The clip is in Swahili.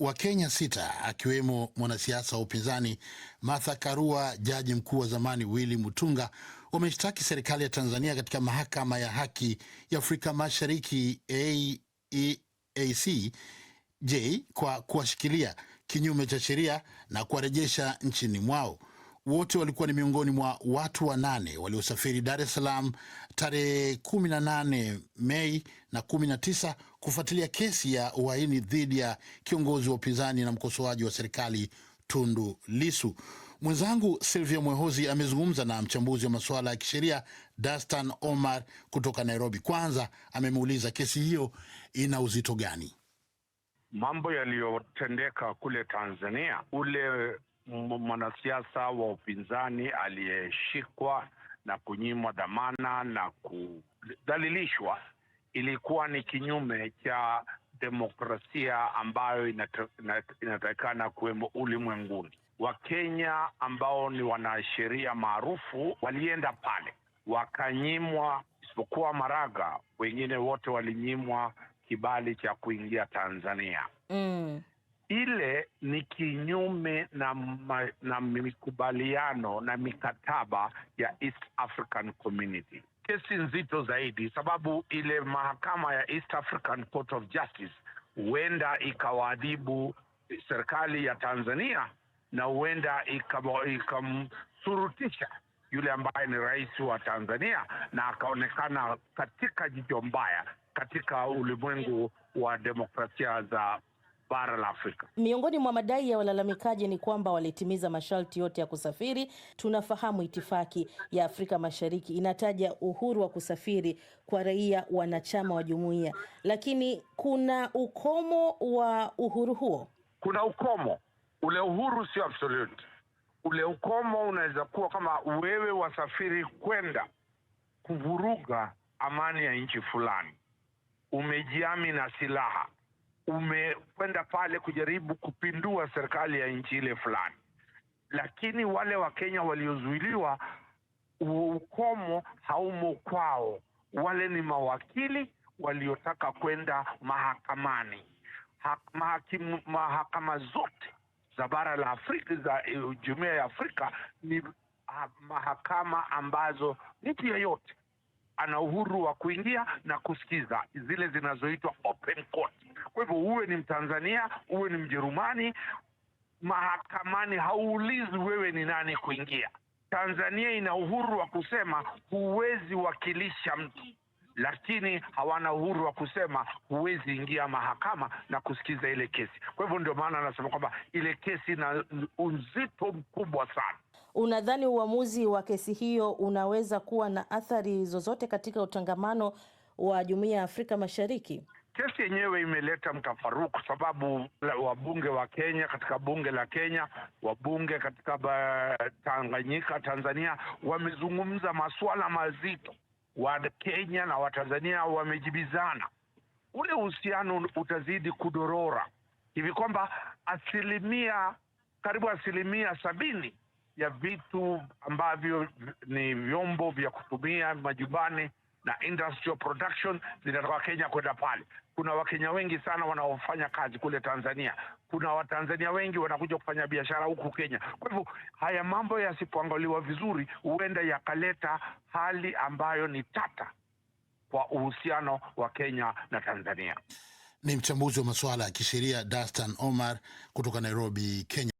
Wakenya sita akiwemo mwanasiasa wa upinzani Martha Karua, jaji mkuu wa zamani Willy Mutunga wameshtaki serikali ya Tanzania katika mahakama ya haki ya Afrika Mashariki AEAC J kwa kuwashikilia kinyume cha sheria na kuwarejesha nchini mwao. Wote walikuwa ni miongoni mwa watu wanane waliosafiri Dar es Salaam tarehe 18 Mei na 19 kufuatilia kesi ya uhaini dhidi ya kiongozi wa upinzani na mkosoaji wa serikali Tundu lisu Mwenzangu Silvia Mwehozi amezungumza na mchambuzi wa masuala ya kisheria Dastan Omar kutoka Nairobi. Kwanza amemuuliza kesi hiyo ina uzito gani? Mambo yaliyotendeka kule Tanzania, ule mwanasiasa wa upinzani aliyeshikwa na kunyimwa dhamana na kudhalilishwa ilikuwa ni kinyume cha demokrasia ambayo inatakikana kuwemo ulimwenguni. Wakenya ambao ni wanasheria maarufu walienda pale wakanyimwa, isipokuwa Maraga, wengine wote walinyimwa kibali cha kuingia Tanzania. Mm ile ni kinyume na, ma, na mikubaliano na mikataba ya East African Community. Kesi nzito zaidi, sababu ile mahakama ya East African Court of Justice huenda ikawaadhibu serikali ya Tanzania na huenda ikamshurutisha yule ambaye ni rais wa Tanzania na akaonekana katika jicho mbaya katika ulimwengu wa demokrasia za bara la Afrika. Miongoni mwa madai ya walalamikaji ni kwamba walitimiza masharti yote ya kusafiri. Tunafahamu itifaki ya Afrika Mashariki inataja uhuru wa kusafiri kwa raia wanachama wa jumuiya, lakini kuna ukomo wa uhuru huo. Kuna ukomo, ule uhuru sio absolute. Ule ukomo unaweza kuwa kama wewe wasafiri kwenda kuvuruga amani ya nchi fulani, umejiami na silaha umekwenda pale kujaribu kupindua serikali ya nchi ile fulani, lakini wale Wakenya waliozuiliwa ukomo haumo kwao. Wale ni mawakili waliotaka kwenda mahakamani. Ha, mahakimu, mahakama zote za bara la Afrika za e, jumuiya ya Afrika ni ah, mahakama ambazo mtu yeyote ana uhuru wa kuingia na kusikiza zile zinazoitwa open court. Kwa hivyo uwe ni Mtanzania, uwe ni Mjerumani, mahakamani hauulizi wewe ni nani kuingia. Tanzania ina uhuru wa kusema huwezi wakilisha mtu, lakini hawana uhuru wa kusema huwezi ingia mahakama na kusikiza ile kesi. Kwa hivyo ndio maana anasema kwamba ile kesi ina uzito mkubwa sana. Unadhani uamuzi wa kesi hiyo unaweza kuwa na athari zozote katika utangamano wa Jumuiya ya Afrika Mashariki? Kesi yenyewe imeleta mtafaruku kwa sababu wabunge wa Kenya katika bunge la Kenya, wabunge katika Tanganyika, Tanzania wamezungumza masuala mazito. Wakenya na Watanzania wamejibizana, ule uhusiano utazidi kudorora hivi kwamba asilimia karibu asilimia sabini ya vitu ambavyo ni vyombo vya kutumia majumbani na industrial production zinatoka Kenya kwenda pale. Kuna Wakenya wengi sana wanaofanya kazi kule Tanzania, kuna Watanzania wengi wanakuja kufanya biashara huku Kenya. Kwa hivyo haya mambo yasipoangaliwa vizuri, huenda yakaleta hali ambayo ni tata kwa uhusiano wa Kenya na Tanzania. Ni mchambuzi wa masuala ya kisheria Dastan Omar kutoka Nairobi, Kenya.